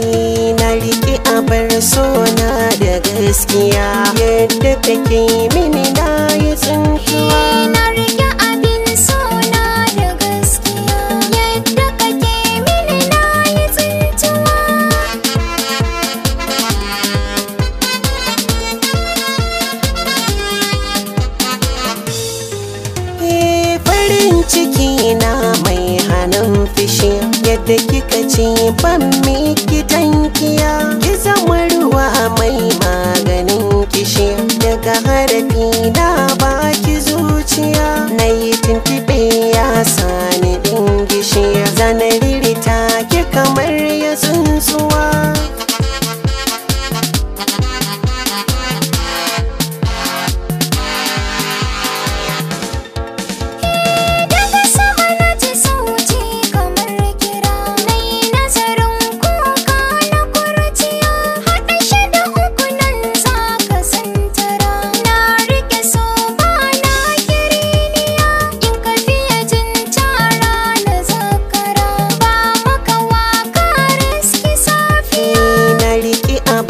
daɗi na riƙe abar sona da gaskiya yadda kake mini na yi tsintuwa eh, na riƙe abin sona da gaskiya yadda kake mini na yi tsintuwa eh, farin ciki na mai hannun fishi yadda kika ce ban mi zane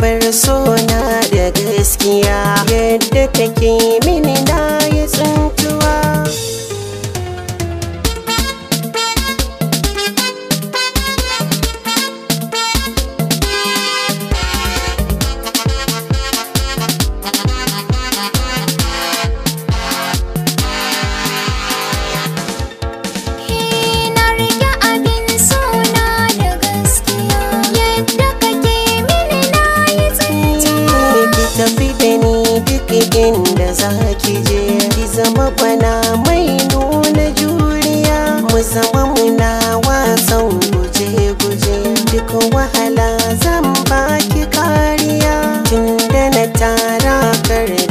bar sona 30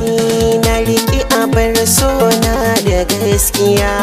ni na riƙi abar sona da gaskiya